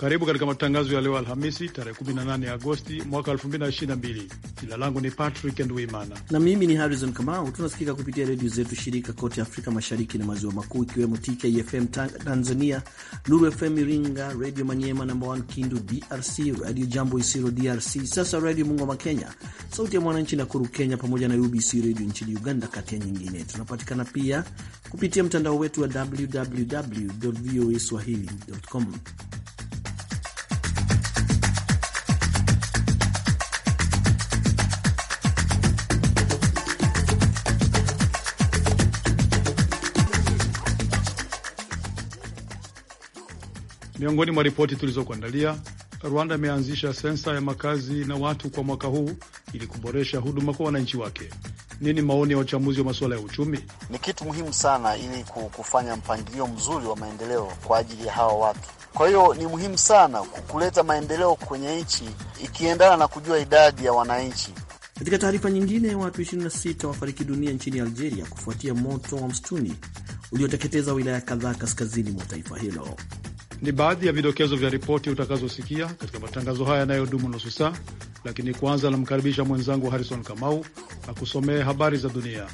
Karibu katika matangazo ya leo Alhamisi, tarehe 18 Agosti mwaka 2022. Jina langu ni Patrick Ndwimana na mimi ni Harrison Kamau. Tunasikika kupitia redio zetu shirika kote Afrika Mashariki na Maziwa Makuu, ikiwemo TKFM Tanzania, Nuru FM Iringa, Redio Manyema namba 1 Kindu DRC, Radio Jambo Isiro DRC, Sasa Redio Muungama Kenya, Sauti ya Mwananchi Nakuru Kenya, pamoja na UBC Redio nchini Uganda, kati ya nyingine. Tunapatikana pia kupitia mtandao wetu wa www voa swahili.com. Miongoni mwa ripoti tulizokuandalia, Rwanda imeanzisha sensa ya makazi na watu kwa mwaka huu ili kuboresha huduma kwa wananchi wake. Nini maoni ya wachambuzi wa masuala ya uchumi? Ni kitu muhimu sana ili kufanya mpangilio mzuri wa maendeleo kwa ajili ya hawa watu. Kwa hiyo ni muhimu sana kuleta maendeleo kwenye nchi ikiendana na kujua idadi ya wananchi. Katika taarifa nyingine, watu 26 wafariki dunia nchini Algeria kufuatia moto wa msituni ulioteketeza wilaya kadhaa kaskazini mwa taifa hilo. Ni baadhi ya vidokezo vya ripoti utakazosikia katika matangazo haya yanayodumu nusu saa, lakini kwanza anamkaribisha mwenzangu Harrison Kamau akusomee habari za dunia.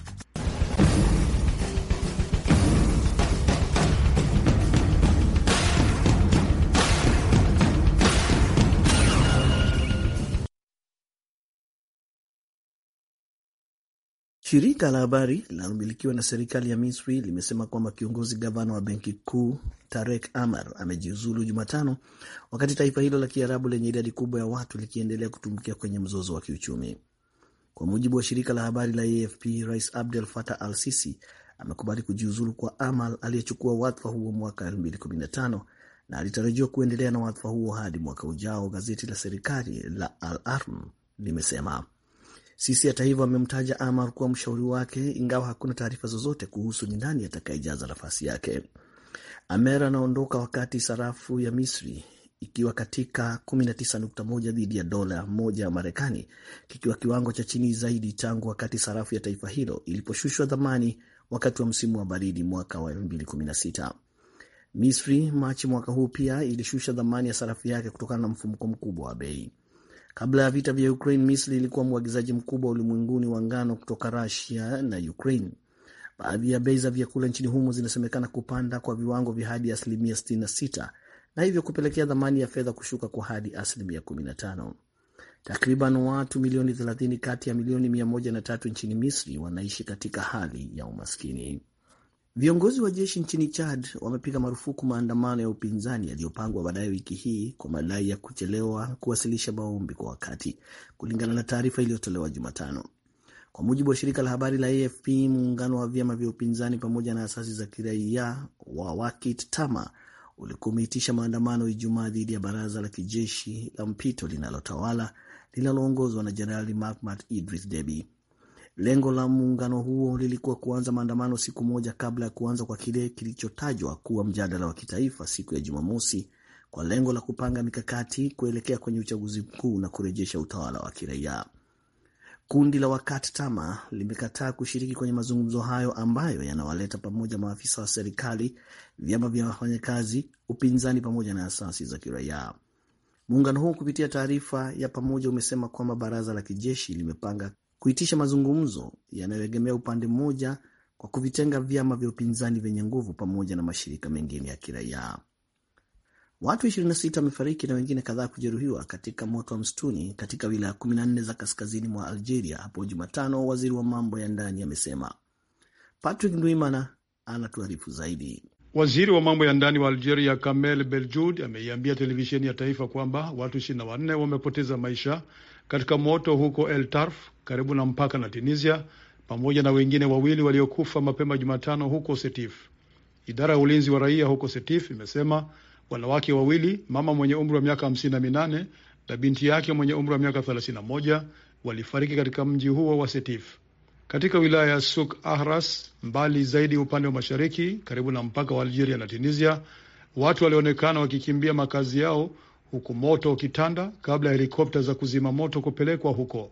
Shirika la habari linalomilikiwa na serikali ya Misri limesema kwamba kiongozi gavana wa benki kuu Tarek Amar amejiuzulu Jumatano, wakati taifa hilo la Kiarabu lenye idadi kubwa ya watu likiendelea kutumbukia kwenye mzozo wa kiuchumi. Kwa mujibu wa shirika la habari la AFP, Rais Abdel Fattah Al Sisi amekubali kujiuzulu kwa Amar aliyechukua wadhifa huo mwaka 2015 na alitarajiwa kuendelea na wadhifa huo hadi mwaka ujao, gazeti la serikali la Al Arm limesema. Sisi hata hivyo amemtaja Amar kuwa mshauri wake, ingawa hakuna taarifa zozote kuhusu ni nani atakayejaza nafasi yake. Amer anaondoka wakati sarafu ya Misri ikiwa katika 19.1 dhidi ya dola moja ya Marekani, kikiwa kiwango cha chini zaidi tangu wakati sarafu ya taifa hilo iliposhushwa dhamani wakati wa msimu wa baridi mwaka wa 2016. Misri Machi mwaka huu pia ilishusha dhamani ya sarafu yake kutokana na mfumuko mkubwa wa bei. Kabla ya vita vya Ukraine, Misri ilikuwa mwagizaji mkubwa ulimwenguni wa ngano kutoka Rusia na Ukraine. Baadhi ya bei za vyakula nchini humo zinasemekana kupanda kwa viwango vya hadi asilimia 66 na hivyo kupelekea thamani ya fedha kushuka kwa hadi asilimia 15. Takriban watu milioni 30 kati ya milioni 103 nchini Misri wanaishi katika hali ya umaskini. Viongozi wa jeshi nchini Chad wamepiga marufuku maandamano ya upinzani yaliyopangwa baadaye wiki hii kwa madai ya kuchelewa kuwasilisha maombi kwa wakati, kulingana na taarifa iliyotolewa Jumatano. Kwa mujibu wa shirika la habari la AFP, muungano wa vyama vya upinzani pamoja na asasi za kiraia wa Wakit Tama ulikuwa umeitisha maandamano Ijumaa dhidi ya baraza la kijeshi la mpito linalotawala linaloongozwa na Jenerali Mahamat Idris Deby. Lengo la muungano huo lilikuwa kuanza maandamano siku moja kabla ya kuanza kwa kile kilichotajwa kuwa mjadala wa kitaifa siku ya Jumamosi kwa lengo la kupanga mikakati kuelekea kwenye uchaguzi mkuu na kurejesha utawala wa kiraia. Kundi la wakati tama limekataa kushiriki kwenye mazungumzo hayo ambayo yanawaleta pamoja maafisa wa serikali, vyama vya wafanyakazi, upinzani pamoja na asasi za kiraia. Muungano huo kupitia taarifa ya pamoja umesema kwamba baraza la kijeshi limepanga kuitisha mazungumzo yanayoegemea upande mmoja kwa kuvitenga vyama vya upinzani vyenye nguvu pamoja na mashirika mengine ya kiraia. Watu 26 wamefariki na wengine kadhaa kujeruhiwa katika moto wa msituni katika wilaya 14 za kaskazini mwa Algeria hapo Jumatano, waziri wa mambo ya ndani amesema. Patrick Ndwimana anatuarifu zaidi. Waziri wa mambo ya ndani wa Algeria Kamel Beljud ameiambia televisheni ya taifa kwamba watu 24 na wanne wamepoteza maisha katika moto huko El Tarf karibu na mpaka na Tunisia, pamoja na wengine wawili waliokufa mapema Jumatano huko Setif. Idara ya ulinzi wa raia huko Setif imesema wanawake wawili, mama mwenye umri wa miaka hamsini na minane na binti yake mwenye umri wa miaka thelathini na moja walifariki katika mji huo wa Setif katika wilaya ya Suk Ahras, mbali zaidi upande wa mashariki karibu na mpaka wa Algeria na Tunisia. Watu walionekana wakikimbia makazi yao huku moto ukitanda kabla ya helikopta za kuzima moto kupelekwa huko.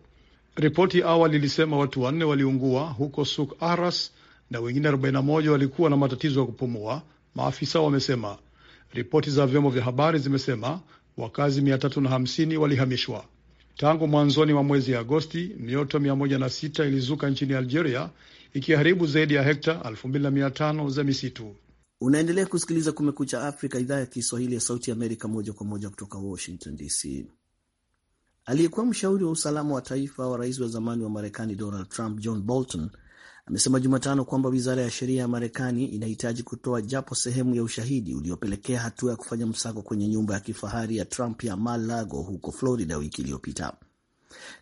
Ripoti awali ilisema watu wanne waliungua huko Suk Ahras na wengine 41 walikuwa na matatizo ya kupumua, maafisa wamesema. Ripoti za vyombo vya habari zimesema wakazi 350 walihamishwa. Tangu mwanzoni mwa mwezi Agosti, mioto 106 ilizuka nchini Algeria ikiharibu zaidi ya hekta 2500 za misitu. Unaendelea kusikiliza Kumekucha Afrika, idhaa ya Kiswahili ya Sauti Amerika, moja kwa moja kutoka Washington DC. Aliyekuwa mshauri wa usalama wa taifa wa rais wa zamani wa Marekani Donald Trump, John Bolton, amesema Jumatano kwamba wizara ya sheria ya Marekani inahitaji kutoa japo sehemu ya ushahidi uliopelekea hatua ya kufanya msako kwenye nyumba ya kifahari ya Trump ya Mar-a-Lago huko Florida wiki iliyopita.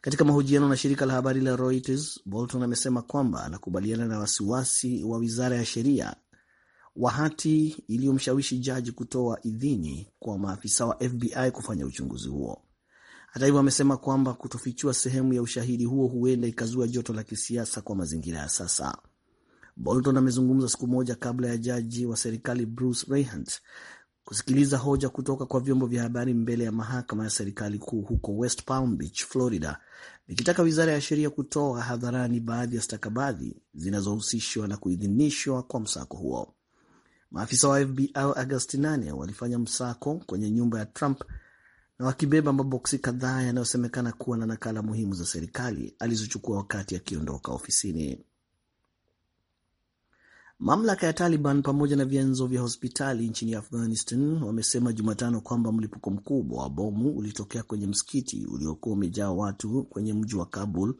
Katika mahojiano na shirika la habari la Reuters, Bolton amesema kwamba anakubaliana na wasiwasi wa wizara ya sheria wa hati iliyomshawishi jaji kutoa idhini kwa maafisa wa FBI kufanya uchunguzi huo. Hata hivyo, amesema kwamba kutofichua sehemu ya ushahidi huo huenda ikazua joto la kisiasa kwa mazingira ya sasa. Bolton amezungumza siku moja kabla ya jaji wa serikali Bruce Reinhart kusikiliza hoja kutoka kwa vyombo vya habari mbele ya mahakama ya serikali kuu huko West Palm Beach, Florida, ikitaka wizara ya sheria kutoa hadharani baadhi ya stakabadhi zinazohusishwa na kuidhinishwa kwa msako huo. Maafisa wa FBI Agosti 8 walifanya msako kwenye nyumba ya Trump na wakibeba maboksi kadhaa yanayosemekana kuwa na nakala muhimu za serikali alizochukua wakati akiondoka ofisini. Mamlaka ya Taliban pamoja na vyanzo vya hospitali nchini Afghanistan wamesema Jumatano kwamba mlipuko mkubwa wa bomu ulitokea kwenye msikiti uliokuwa umejaa watu kwenye mji wa Kabul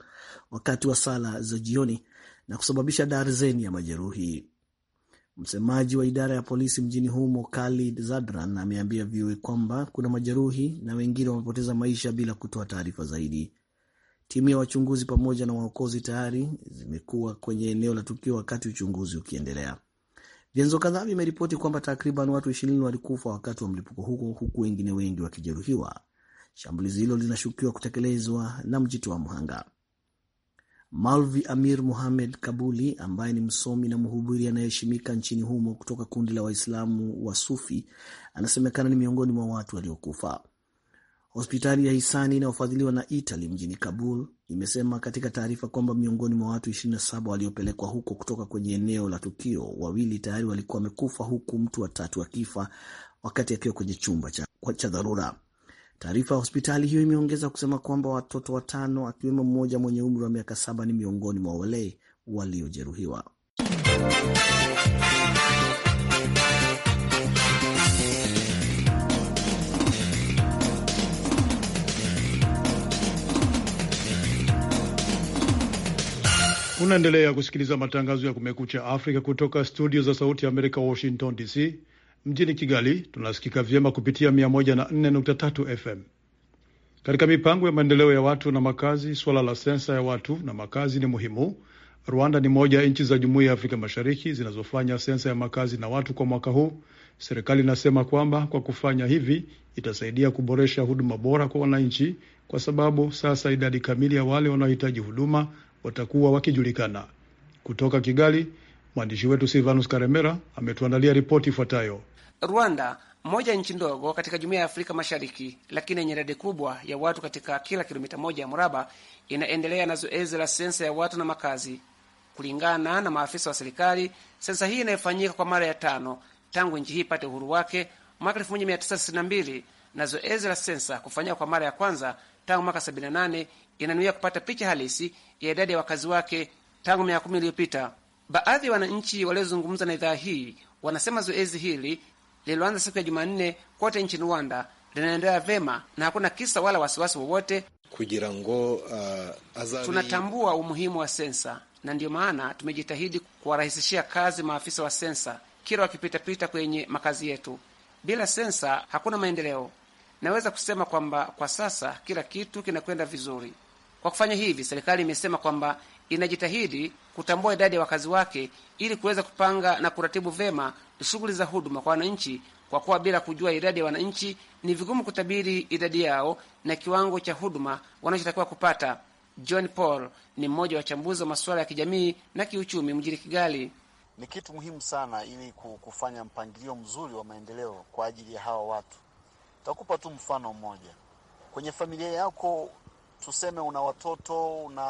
wakati wa sala za jioni na kusababisha darzeni ya majeruhi. Msemaji wa idara ya polisi mjini humo Khalid Zadran ameambia VOA kwamba kuna majeruhi na wengine wamepoteza maisha bila kutoa taarifa zaidi. Timu ya wachunguzi pamoja na waokozi tayari zimekuwa kwenye eneo la tukio wakati uchunguzi ukiendelea. Vyanzo kadhaa vimeripoti kwamba takriban watu ishirini walikufa wakati wa mlipuko huo huku wengine wengi wakijeruhiwa. Shambulizi hilo linashukiwa kutekelezwa na mjitoa mhanga. Malvi Amir Muhamed Kabuli ambaye ni msomi na mhubiri anayeheshimika nchini humo kutoka kundi la Waislamu wa Sufi anasemekana ni miongoni mwa watu waliokufa. Hospitali ya hisani inayofadhiliwa na itali mjini Kabul imesema katika taarifa kwamba miongoni mwa watu 27 waliopelekwa huko kutoka kwenye eneo la tukio, wawili tayari walikuwa wamekufa huku mtu watatu akifa wakati akiwa kwenye chumba cha, cha dharura. Taarifa ya hospitali hiyo imeongeza kusema kwamba watoto watano akiwemo mmoja mwenye umri wa miaka saba ni miongoni mwa wale waliojeruhiwa. Unaendelea kusikiliza matangazo ya Kumekucha Afrika kutoka studio za Sauti ya Amerika, Washington DC. Mjini Kigali tunasikika vyema kupitia 104.3 FM. Katika mipango ya maendeleo ya watu na makazi, suala la sensa ya watu na makazi ni muhimu. Rwanda ni moja ya nchi za Jumuiya ya Afrika Mashariki zinazofanya sensa ya makazi na watu kwa mwaka huu. Serikali inasema kwamba kwa kufanya hivi itasaidia kuboresha huduma bora kwa wananchi, kwa sababu sasa idadi kamili ya wale wanaohitaji huduma watakuwa wakijulikana. Kutoka Kigali, mwandishi wetu Silvanus Karemera ametuandalia ripoti ifuatayo. Rwanda, moja nchi ndogo katika jumuiya ya Afrika Mashariki, lakini yenye idadi kubwa ya watu katika kila kilomita moja ya mraba, inaendelea na zoezi la sensa ya watu na makazi. Kulingana na maafisa wa serikali, sensa hii inayofanyika kwa mara ya tano tangu nchi hii ipate uhuru wake mwaka 1962 na zoezi la sensa kufanyika kwa mara ya kwanza tangu mwaka 78 inanuia kupata picha halisi ya idadi ya wakazi wake tangu miaka kumi iliyopita. Baadhi ya wananchi waliozungumza na idhaa hii wanasema zoezi hili lililoanza siku ya Jumanne kote nchini Rwanda linaendelea vema na hakuna kisa wala wasiwasi wowote. kugira ngo uh, tunatambua umuhimu wa sensa na ndiyo maana tumejitahidi kuwarahisishia kazi maafisa wa sensa kila wakipitapita kwenye makazi yetu. Bila sensa hakuna maendeleo. Naweza kusema kwamba kwa sasa kila kitu kinakwenda vizuri. Kwa kufanya hivi, serikali imesema kwamba inajitahidi kutambua idadi ya wakazi wake ili kuweza kupanga na kuratibu vyema shughuli za huduma kwa wananchi, kwa kuwa bila kujua idadi ya wananchi ni vigumu kutabiri idadi yao na kiwango cha huduma wanachotakiwa kupata. John Paul ni mmoja wa wachambuzi wa masuala ya kijamii na kiuchumi mjini Kigali. Ni kitu muhimu sana ili kufanya mpangilio mzuri wa maendeleo kwa ajili ya hawa watu. Takupa tu mfano mmoja kwenye familia yako tuseme una watoto, una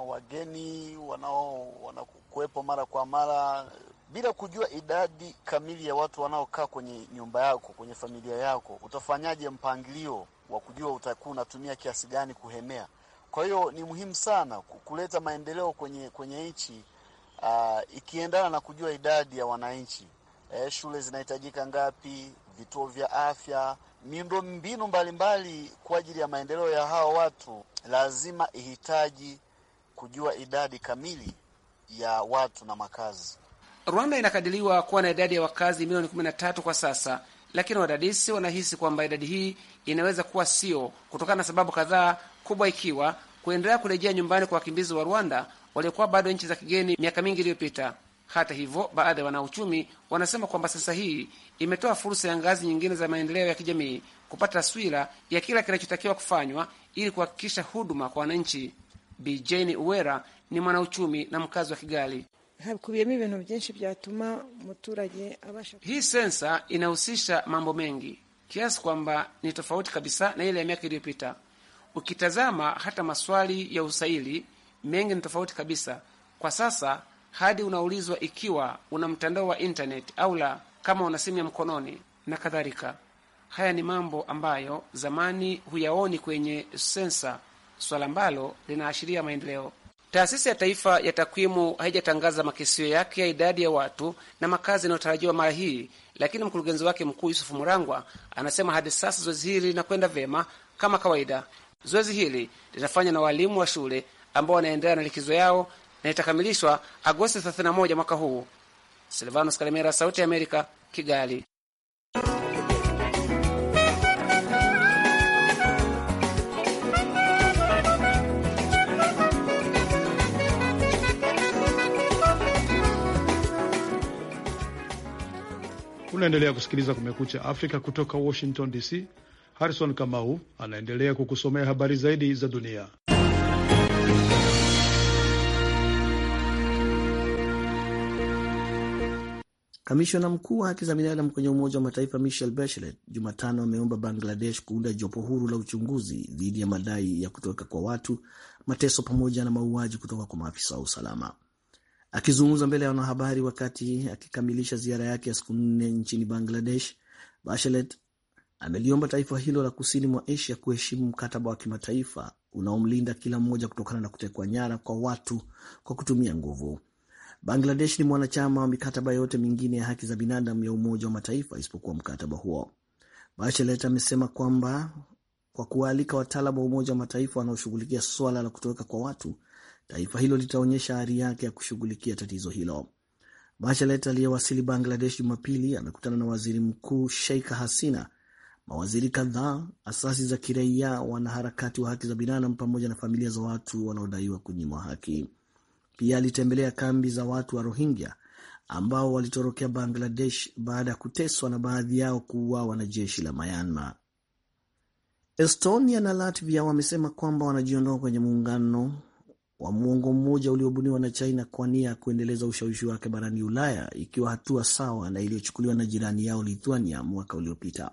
wageni wanao wanakuwepo mara kwa mara bila kujua idadi kamili ya watu wanaokaa kwenye nyumba yako, kwenye familia yako, utafanyaje mpangilio wa kujua utakuwa unatumia kiasi gani kuhemea? Kwa hiyo ni muhimu sana kuleta maendeleo kwenye kwenye nchi uh, ikiendana na kujua idadi ya wananchi. eh, shule zinahitajika ngapi? Vituo vya afya miundombinu mbalimbali kwa ajili ya maendeleo ya hawa watu lazima ihitaji kujua idadi kamili ya watu na makazi. Rwanda inakadiriwa kuwa na idadi ya wakazi milioni 13 kwa sasa, lakini wadadisi wanahisi kwamba idadi hii inaweza kuwa sio, kutokana na sababu kadhaa, kubwa ikiwa kuendelea kurejea nyumbani kwa wakimbizi wa Rwanda waliokuwa bado nchi za kigeni miaka mingi iliyopita. Hata hivyo, baadhi ya wanauchumi wanasema kwamba sasa hii imetoa fursa ya ngazi nyingine za maendeleo ya kijamii kupata taswira ya kila kinachotakiwa kufanywa ili kuhakikisha huduma kwa wananchi. Bijeni Uwera ni mwanauchumi na mkazi wa Kigali. Hii sensa inahusisha mambo mengi kiasi kwamba ni tofauti kabisa na ile ya miaka iliyopita. Ukitazama hata maswali ya usaili mengi ni tofauti kabisa kwa sasa hadi unaulizwa ikiwa una mtandao wa intaneti au la, kama una simu ya mkononi na kadhalika. Haya ni mambo ambayo zamani huyaoni kwenye sensa, swala ambalo linaashiria maendeleo. Taasisi ya Taifa ya Takwimu haijatangaza makisio yake ya idadi ya watu na makazi yanayotarajiwa mara hii, lakini mkurugenzi wake mkuu Yusufu Murangwa anasema hadi sasa zoezi hili linakwenda vyema kama kawaida. Zoezi hili linafanywa na walimu wa shule ambao wanaendelea na likizo yao na itakamilishwa Agosti 31 mwaka huu. Silvanos Kalemera, Sauti ya Amerika, Kigali. Unaendelea kusikiliza Kumekucha Afrika kutoka Washington DC. Harrison Kamau anaendelea kukusomea habari zaidi za dunia. Kamishona mkuu wa haki za binadamu kwenye Umoja wa Mataifa michel Bachelet Jumatano ameomba Bangladesh kuunda jopo huru la uchunguzi dhidi ya madai ya kutoweka kwa watu, mateso pamoja na mauaji kutoka kwa maafisa wa usalama. Akizungumza mbele ya wanahabari wakati akikamilisha ziara yake ya siku nne nchini Bangladesh, Bachelet ameliomba taifa hilo la kusini mwa Asia kuheshimu mkataba wa kimataifa unaomlinda kila mmoja kutokana na kutekwa nyara kwa watu kwa kutumia nguvu. Bangladesh ni mwanachama wa mikataba yote mingine ya haki za binadamu ya Umoja wa Mataifa isipokuwa mkataba huo. Bachelet amesema kwamba kwa kuwaalika wataalam wa Umoja wa Mataifa wanaoshughulikia swala la kutoweka kwa watu, taifa hilo litaonyesha ari yake ya kushughulikia tatizo hilo. Bachelet aliyewasili Bangladesh Jumapili amekutana na waziri mkuu Sheikh Hasina, mawaziri kadhaa, asasi za kiraia, wanaharakati wa haki za binadamu pamoja na familia za watu wanaodaiwa kunyimwa haki. Pia alitembelea kambi za watu wa Rohingya ambao walitorokea Bangladesh baada ya kuteswa na baadhi yao kuuawa na jeshi la Myanmar. Estonia na Latvia wamesema kwamba wanajiondoa kwenye muungano wa muongo mmoja uliobuniwa na China kwa nia ya kuendeleza ushawishi wake barani Ulaya, ikiwa hatua sawa na iliyochukuliwa na jirani yao Lithuania mwaka uliopita.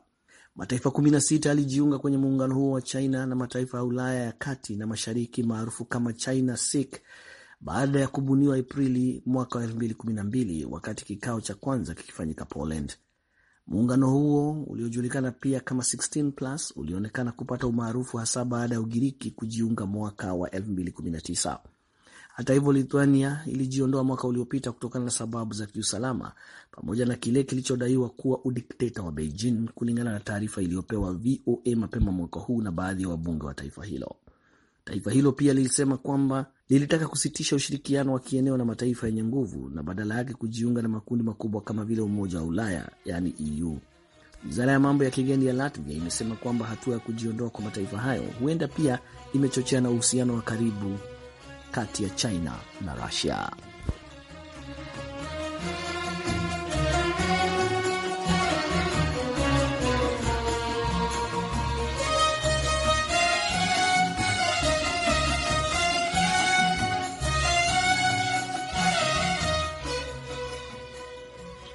Mataifa 16 yalijiunga kwenye muungano huo wa China na mataifa ya Ulaya ya kati na mashariki maarufu kama China SIC baada ya kubuniwa Aprili mwaka wa mbili wakati kikao cha kwanza kikifanyika Poland. Muungano huo uliojulikana pia kama 16 plus ulionekana kupata umaarufu hasa baada ya Ugiriki kujiunga mwaka wa 2019. Hata hivyo, Lithuania ilijiondoa mwaka uliopita kutokana na sababu za kiusalama pamoja na kile kilichodaiwa kuwa udikteta wa Beijing, kulingana na taarifa iliyopewa VOA mapema mwaka huu na baadhi ya wabunge wa taifa hilo. Taifa hilo pia lilisema kwamba lilitaka kusitisha ushirikiano wa kieneo na mataifa yenye nguvu na badala yake kujiunga na makundi makubwa kama vile Umoja wa Ulaya, yani EU. Wizara ya mambo ya kigeni ya Latvia imesema kwamba hatua ya kujiondoa kwa mataifa hayo huenda pia imechochea na uhusiano wa karibu kati ya China na russia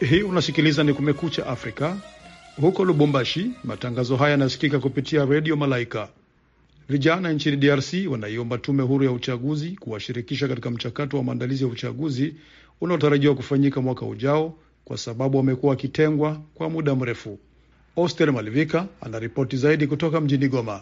Hii unasikiliza ni Kumekucha Afrika. Huko Lubumbashi, matangazo haya yanasikika kupitia redio Malaika. Vijana nchini DRC wanaiomba tume huru ya uchaguzi kuwashirikisha katika mchakato wa maandalizi ya uchaguzi unaotarajiwa kufanyika mwaka ujao, kwa sababu wamekuwa wakitengwa kwa muda mrefu. Oster Malivika anaripoti zaidi kutoka mjini Goma.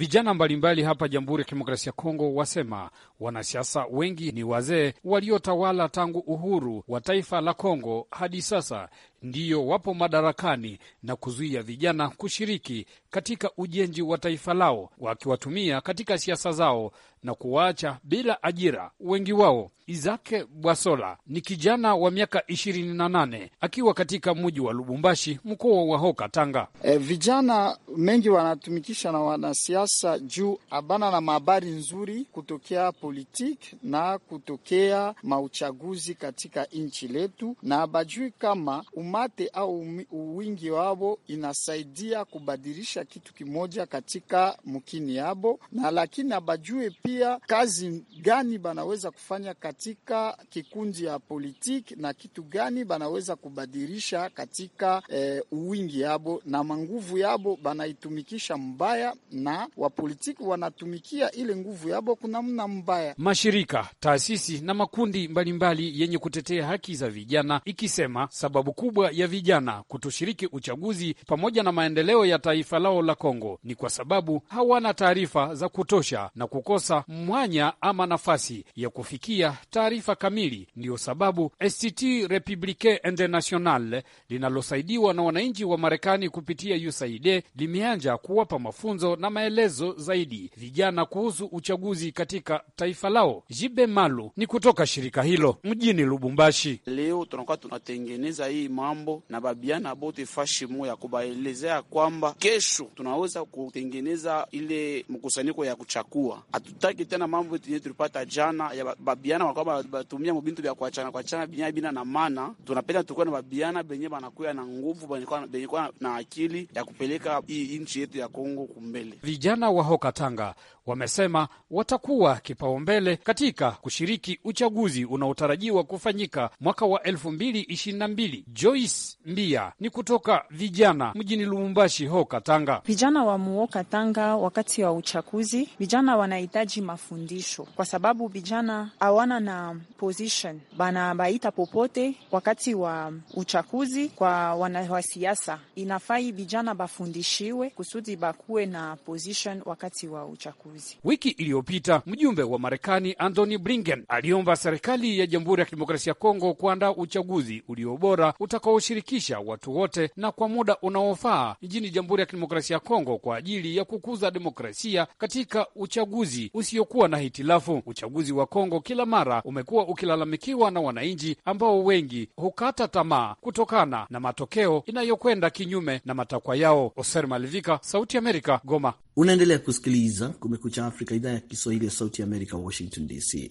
Vijana mbalimbali hapa Jamhuri ya Kidemokrasia ya Kongo wasema wanasiasa wengi ni wazee waliotawala tangu uhuru wa taifa la Kongo hadi sasa, ndiyo wapo madarakani na kuzuia vijana kushiriki katika ujenzi wa taifa lao, wakiwatumia katika siasa zao na kuwaacha bila ajira wengi wao. Izake Bwasola ni kijana wa miaka ishirini na nane akiwa katika muji wa Lubumbashi, mkoa wa Hoka Tanga. E, vijana mengi wanatumikisha na wanasiasa juu abana na mahabari nzuri kutokea politik na kutokea mauchaguzi katika nchi letu na abajui kama um umate au uwingi wavo inasaidia kubadilisha kitu kimoja katika mkini yabo, na lakini abajue pia kazi gani banaweza kufanya katika kikundi ya politiki na kitu gani banaweza kubadilisha katika e, uwingi yabo na manguvu yabo banaitumikisha mbaya, na wapolitiki wanatumikia ile nguvu yabo kunamna mbaya. Mashirika, taasisi na makundi mbalimbali mbali yenye kutetea haki za vijana ikisema sababu kubwa kubwa ya vijana kutoshiriki uchaguzi pamoja na maendeleo ya taifa lao la Kongo ni kwa sababu hawana taarifa za kutosha na kukosa mwanya ama nafasi ya kufikia taarifa kamili. Ndiyo sababu Institut Republicain International linalosaidiwa na wananchi wa Marekani kupitia USAID limeanja kuwapa mafunzo na maelezo zaidi vijana kuhusu uchaguzi katika taifa lao. Jibe Malu ni kutoka shirika hilo mjini Lubumbashi. Leo tunakuwa tunatengeneza hii ma mambo na babiana bote fashi moya kubaelezea kwamba kesho tunaweza kutengeneza ile mkusanyiko ya kuchakua. Hatutaki tena mambo yetu tulipata jana ya babiana kwamba batumia mbintu vya kuachana kuachana binya bina na mana. Tunapenda tukuwa na babiana benye banakuya na nguvu benye kuwa na akili ya kupeleka hii nchi yetu ya Kongo kumbele. Vijana wa Hokatanga wamesema watakuwa kipaumbele katika kushiriki uchaguzi unaotarajiwa kufanyika mwaka wa elfu mbili ishirini na mbili. Joy Louis Mbia ni kutoka vijana mjini Lumumbashi ho Katanga. Vijana wa muo Katanga, wakati wa uchaguzi, vijana wanahitaji mafundisho kwa sababu vijana hawana na position bana baita popote wakati wa uchaguzi kwa wanasiasa. Inafai vijana bafundishiwe kusudi bakuwe na position wakati wa uchaguzi. Wiki iliyopita mjumbe wa Marekani Antony Blinken aliomba serikali ya Jamhuri ya Kidemokrasia ya Kongo kuandaa uchaguzi ulio bora utakao utakaoshirikisha watu wote na kwa muda unaofaa nchini Jamhuri ya Kidemokrasia ya Kongo kwa ajili ya kukuza demokrasia katika uchaguzi usiokuwa na hitilafu. Uchaguzi wa Kongo kila mara umekuwa ukilalamikiwa na wananchi ambao wengi hukata tamaa kutokana na matokeo inayokwenda kinyume na matakwa yao. Oser Malivika, Sauti Amerika, Goma. Unaendelea kusikiliza Kumekucha Afrika, idhaa ya Kiswahili ya Sauti Amerika, Washington DC.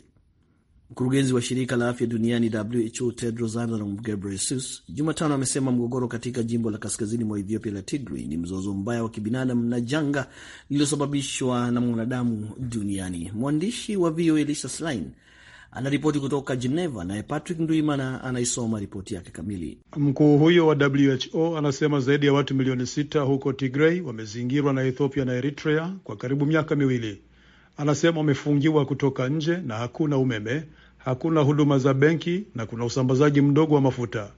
Mkurugenzi wa shirika la afya duniani WHO Tedros Adhanom Ghebreyesus Jumatano amesema mgogoro katika jimbo la kaskazini mwa Ethiopia la Tigray ni mzozo mbaya wa kibinadamu na janga lililosababishwa na mwanadamu duniani. Mwandishi wa VOA Lisa Schlein anaripoti kutoka Geneva, naye Patrick Nduimana anaisoma ripoti yake kamili. Mkuu huyo wa WHO anasema zaidi ya watu milioni sita huko Tigray wamezingirwa na Ethiopia na Eritrea kwa karibu miaka miwili. Anasema wamefungiwa kutoka nje na hakuna umeme hakuna huduma za benki na kuna usambazaji mdogo wa mafuta.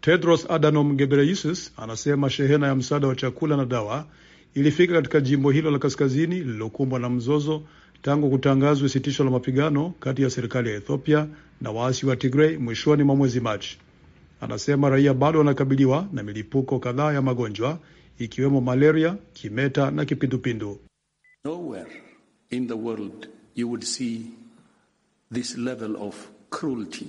Tedros Adhanom Ghebreyesus anasema shehena ya msaada wa chakula na dawa ilifika katika jimbo hilo la kaskazini lililokumbwa na mzozo tangu kutangazwa sitisho la mapigano kati ya serikali ya Ethiopia na waasi wa tigrei mwishoni mwa mwezi Machi. Anasema raia bado wanakabiliwa na milipuko kadhaa ya magonjwa ikiwemo malaria, kimeta na kipindupindu. Nowhere in the world you would see this level of cruelty.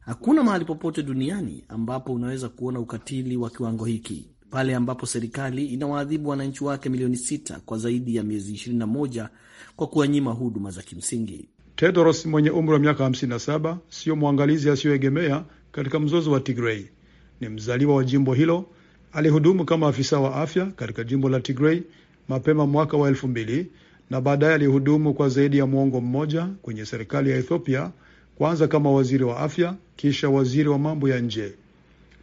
Hakuna mahali popote duniani ambapo unaweza kuona ukatili wa kiwango hiki, pale ambapo serikali inawaadhibu wananchi wake milioni sita kwa zaidi ya miezi 21 kwa kuwanyima huduma za kimsingi. Tedros mwenye umri wa miaka 57 siyo mwangalizi asiyoegemea katika mzozo wa Tigrei. Ni mzaliwa wa jimbo hilo. Alihudumu kama afisa wa afya katika jimbo la Tigrei mapema mwaka wa elfu mbili na baadaye alihudumu kwa zaidi ya mwongo mmoja kwenye serikali ya Ethiopia, kwanza kama waziri wa afya, kisha waziri wa mambo ya nje.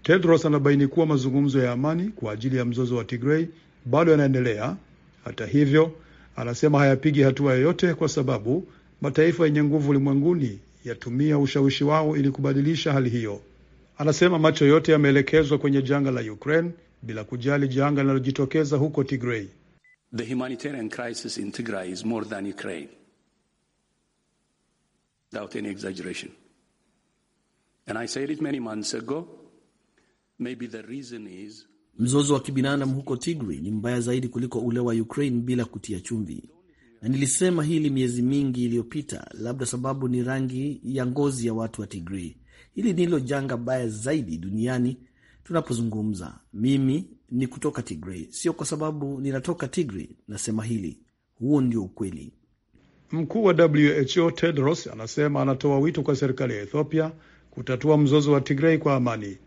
Tedros anabaini kuwa mazungumzo ya amani kwa ajili ya mzozo wa tigrei bado yanaendelea. Hata hivyo, anasema hayapigi hatua yoyote kwa sababu mataifa yenye nguvu ulimwenguni yatumia ushawishi wao ili kubadilisha hali hiyo. Anasema macho yote yameelekezwa kwenye janga la Ukraine bila kujali janga linalojitokeza huko Tigray. The humanitarian crisis in Tigray is more than Ukraine, without any exaggeration. And I said it many months ago, maybe the reason is... Mzozo wa kibinadamu huko Tigray ni mbaya zaidi kuliko ule wa Ukraine bila kutia chumvi, na nilisema hili miezi mingi iliyopita, labda sababu ni rangi ya ngozi ya watu wa Tigray. Hili ndilo janga baya zaidi duniani tunapozungumza. Mimi ni kutoka Tigray, sio kwa sababu ninatoka Tigray. Nasema hili, huo ndio ukweli. Mkuu wa WHO Tedros anasema anatoa wito kwa serikali ya Ethiopia kutatua mzozo wa Tigray kwa amani.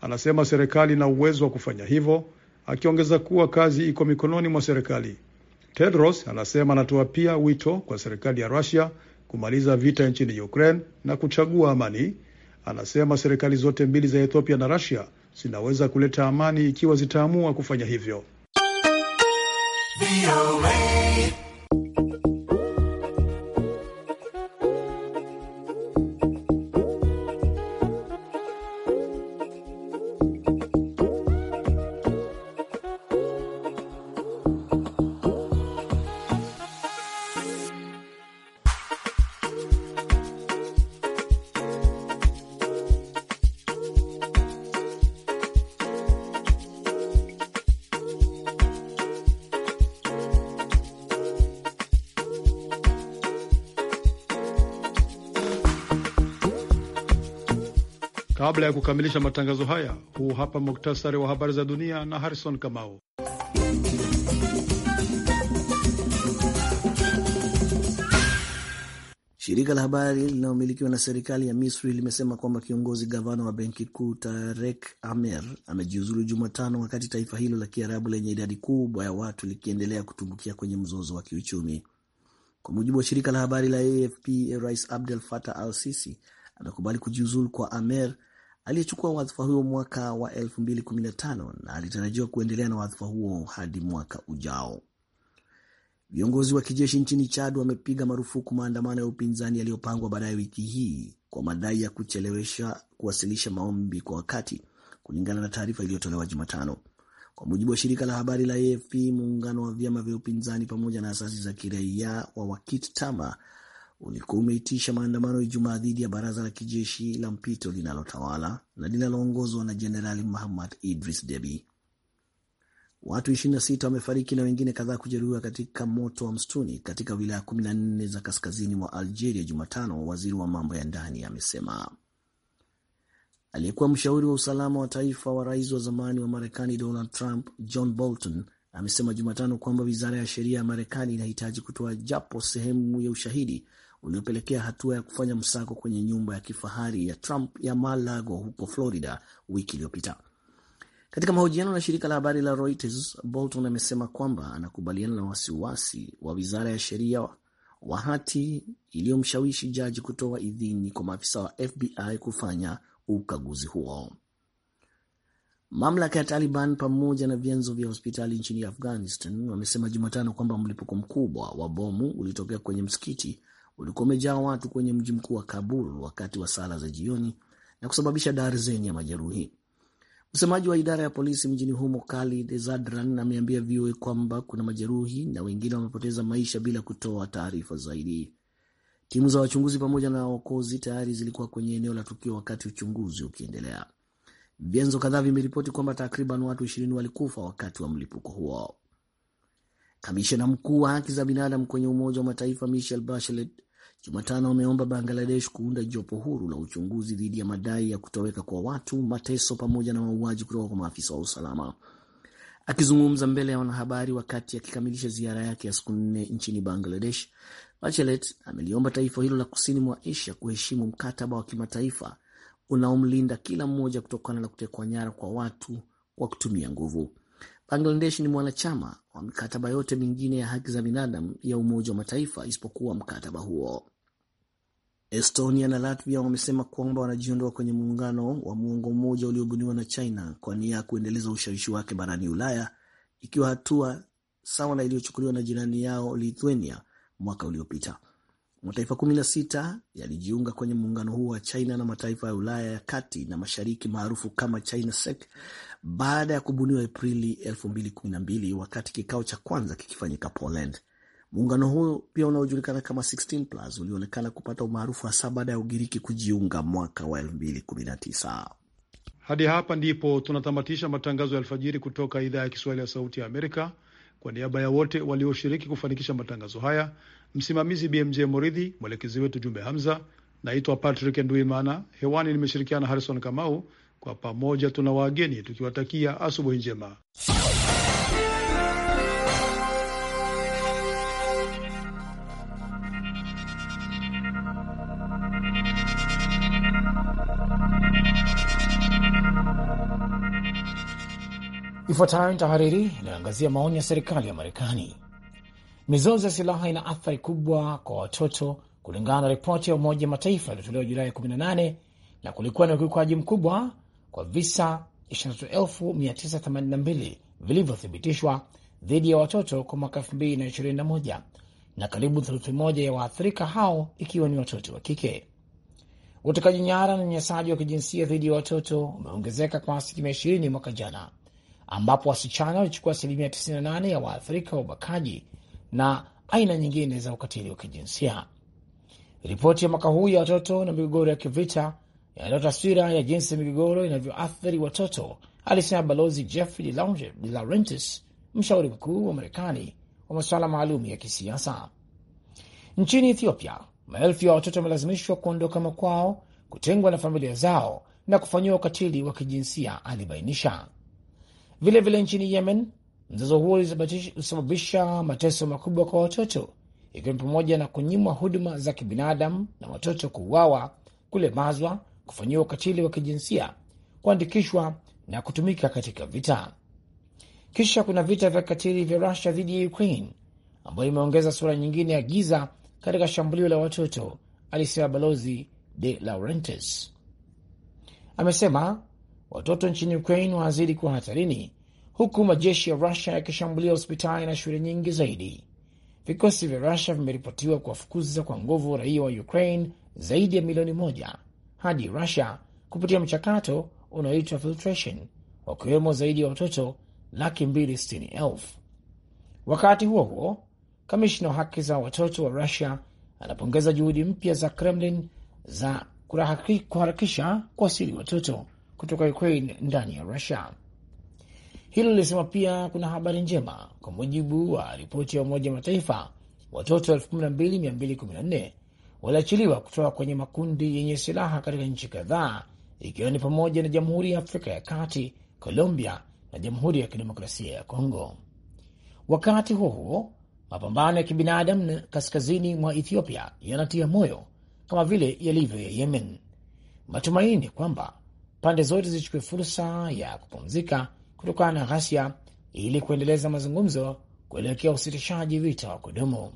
Anasema serikali ina uwezo wa kufanya hivyo, akiongeza kuwa kazi iko mikononi mwa serikali. Tedros anasema anatoa pia wito kwa serikali ya Russia kumaliza vita nchini Ukraine na kuchagua amani. Anasema serikali zote mbili za Ethiopia na Russia zinaweza kuleta amani ikiwa zitaamua kufanya hivyo. Kabla ya kukamilisha matangazo haya, huu hapa muktasari wa habari za dunia na Harrison Kamau. Shirika la habari linalomilikiwa na serikali ya Misri limesema kwamba kiongozi gavana wa benki kuu Tarek Amer amejiuzulu Jumatano, wakati taifa hilo la Kiarabu lenye idadi kubwa ya watu likiendelea kutumbukia kwenye mzozo wa kiuchumi. Kwa mujibu wa shirika la habari la AFP, Rais Abdel Fattah al Sisi amekubali kujiuzulu kwa Amer aliyechukua wadhifa huo mwaka wa 2015 na alitarajiwa kuendelea na wadhifa huo hadi mwaka ujao. Viongozi wa kijeshi nchini Chad wamepiga marufuku maandamano ya upinzani yaliyopangwa baadaye wiki hii kwa madai ya kuchelewesha kuwasilisha maombi kwa wakati, kulingana na taarifa iliyotolewa Jumatano. Kwa mujibu wa shirika la habari la AFP, muungano wa vyama vya upinzani pamoja na asasi za kiraia wa Wakit Tama ulikuwa umeitisha maandamano ya Ijumaa dhidi ya baraza la kijeshi la mpito linalotawala na linaloongozwa na Jenerali Muhammad Idris Deby. Watu 26 wamefariki na wengine kadhaa kujeruhiwa katika moto wa msituni katika wilaya 14 za kaskazini mwa Algeria Jumatano, waziri wa mambo ya ndani amesema. Aliyekuwa mshauri wa usalama wa taifa wa rais wa zamani wa Marekani Donald Trump, John Bolton amesema Jumatano kwamba wizara ya sheria ya Marekani inahitaji kutoa japo sehemu ya ushahidi uliopelekea hatua ya kufanya msako kwenye nyumba ya kifahari ya Trump ya Mar-a-Lago huko Florida wiki iliyopita. Katika mahojiano na shirika la habari la Reuters, Bolton amesema kwamba anakubaliana na wasiwasi wa wizara ya sheria wa hati iliyomshawishi jaji kutoa idhini kwa maafisa wa FBI kufanya ukaguzi huo. Mamlaka ya Taliban pamoja na vyanzo vya hospitali nchini Afghanistan wamesema Jumatano kwamba mlipuko mkubwa wa bomu ulitokea kwenye msikiti ulikuwa umejaa watu kwenye mji mkuu wa Kabul wakati wa sala za jioni na kusababisha darzeni ya majeruhi. Msemaji wa idara ya polisi mjini humo Khalid Zadran ameambia VOA kwamba kuna majeruhi na wengine wamepoteza maisha bila kutoa taarifa zaidi. Timu za wachunguzi pamoja na waokozi tayari zilikuwa kwenye eneo la tukio wakati uchunguzi ukiendelea. Vyanzo kadhaa vimeripoti kwamba takriban watu ishirini walikufa wakati wa mlipuko huo. Kamishna mkuu wa haki za binadamu kwenye Umoja wa Mataifa Michel Bachelet Jumatano ameomba Bangladesh kuunda jopo huru la uchunguzi dhidi ya madai ya kutoweka kwa watu, mateso pamoja na mauaji kutoka kwa maafisa wa usalama. Akizungumza mbele ya wanahabari wakati akikamilisha ya ziara yake ya siku nne nchini Bangladesh, Bachelet ameliomba taifa hilo la kusini mwa Asia kuheshimu mkataba wa kimataifa unaomlinda kila mmoja kutokana na kutekwa nyara kwa watu wa kutumia nguvu. Bangladesh ni mwanachama wa mikataba yote mingine ya haki za binadamu ya Umoja wa Mataifa isipokuwa mkataba huo. Estonia na Latvia wamesema kwamba wanajiondoa kwenye muungano wa muongo mmoja uliobuniwa na China kwa nia ya kuendeleza ushawishi wake barani Ulaya, ikiwa hatua sawa na iliyochukuliwa na jirani yao Lithuania mwaka uliopita. Mataifa 16 yalijiunga kwenye muungano huo wa China na mataifa ya Ulaya ya kati na mashariki maarufu kama China SEC baada ya kubuniwa Aprili 2012 wakati kikao cha kwanza kikifanyika Poland. Muungano huo pia unaojulikana kama 16 plus ulionekana kupata umaarufu hasa baada ya Ugiriki kujiunga mwaka wa 2019. Hadi hapa ndipo tunatamatisha matangazo ya alfajiri kutoka idhaa ya Kiswahili ya Sauti ya Amerika. Kwa niaba ya wote walioshiriki kufanikisha matangazo haya, msimamizi BMJ Moridhi, mwelekezi wetu Jumbe Hamza, naitwa Patrick Nduimana. Hewani nimeshirikiana Harrison Kamau. Kwa pamoja tuna wageni tukiwatakia asubuhi njema. Ifuatayo ni tahariri inayoangazia maoni ya serikali ya Marekani. Mizozo ya silaha ina athari kubwa kwa watoto kulingana na ripoti ya Umoja Mataifa iliyotolewa Julai 18, na kulikuwa na ukiukaji mkubwa kwa visa 23982 vilivyothibitishwa dhidi ya watoto kwa mwaka 2021 na karibu theluthi moja ya waathirika hao ikiwa ni watoto wa kike. Utekaji nyara na unyanyasaji wa kijinsia dhidi ya watoto umeongezeka kwa asilimia 20 mwaka jana ambapo wasichana walichukua asilimia 98 ya waathirika wa ubakaji na aina nyingine za ukatili wa kijinsia. Ripoti ya mwaka huu ya watoto na migogoro ya kivita inatoa taswira ya jinsi migogoro inavyoathiri watoto, alisema Balozi Jeffrey de Laurentis, mshauri mkuu wa Marekani wa masuala maalum ya kisiasa. Nchini Ethiopia, maelfu ya watoto wamelazimishwa kuondoka makwao, kutengwa na familia zao na kufanyiwa ukatili wa kijinsia, alibainisha. Vilevile vile nchini Yemen, mzozo huo ulisababisha mateso makubwa kwa watoto, ikiwa ni pamoja na kunyimwa huduma za kibinadamu na watoto kuuawa, kulemazwa, kufanyiwa ukatili wa kijinsia, kuandikishwa na kutumika katika vita. Kisha kuna vita vya katili vya Rusia dhidi ya Ukraine ambayo imeongeza sura nyingine ya giza katika shambulio la watoto, alisema Balozi De Laurentis. Amesema watoto nchini Ukraine wanazidi kuwa hatarini huku majeshi ya Rusia yakishambulia hospitali na shule nyingi zaidi. Vikosi vya Rusia vimeripotiwa kuwafukuza kwa nguvu raia wa Ukraine zaidi ya milioni moja hadi Rusia kupitia mchakato unaoitwa filtration, wakiwemo zaidi ya watoto laki mbili sitini elfu. Wakati huo huo, kamishna wa haki za watoto wa Rusia anapongeza juhudi mpya za Kremlin za kuharakisha kuwasili watoto kutoka Ukraine ndani ya Rusia. Hilo lilisema pia kuna habari njema. Kwa mujibu wa ripoti ya Umoja wa Mataifa, watoto 12214 waliachiliwa kutoka kwenye makundi yenye silaha katika nchi kadhaa, ikiwa ni pamoja na Jamhuri ya Afrika ya Kati, Colombia na Jamhuri ya Kidemokrasia ya Kongo. Wakati huo huo, mapambano ya kibinadamu kaskazini mwa Ethiopia yanatia moyo kama vile yalivyo ya Yemen. Matumaini kwamba pande zote zichukue fursa ya kupumzika kutokana na ghasia ili kuendeleza mazungumzo kuelekea usitishaji vita wa kudumu.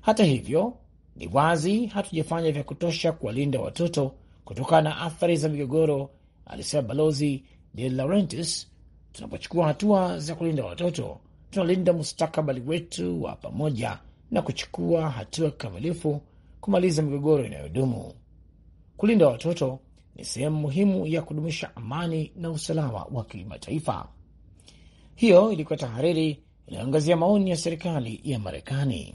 Hata hivyo, ni wazi hatujafanya vya kutosha kuwalinda watoto kutokana na athari za migogoro, alisema Balozi De Laurentis. Tunapochukua hatua za kulinda watoto, tunalinda mustakabali wetu wa pamoja na kuchukua hatua kikamilifu kumaliza migogoro inayodumu. Kulinda watoto ni sehemu muhimu ya kudumisha amani na usalama wa kimataifa. Hiyo ilikuwa tahariri inayoangazia maoni ya serikali ya Marekani.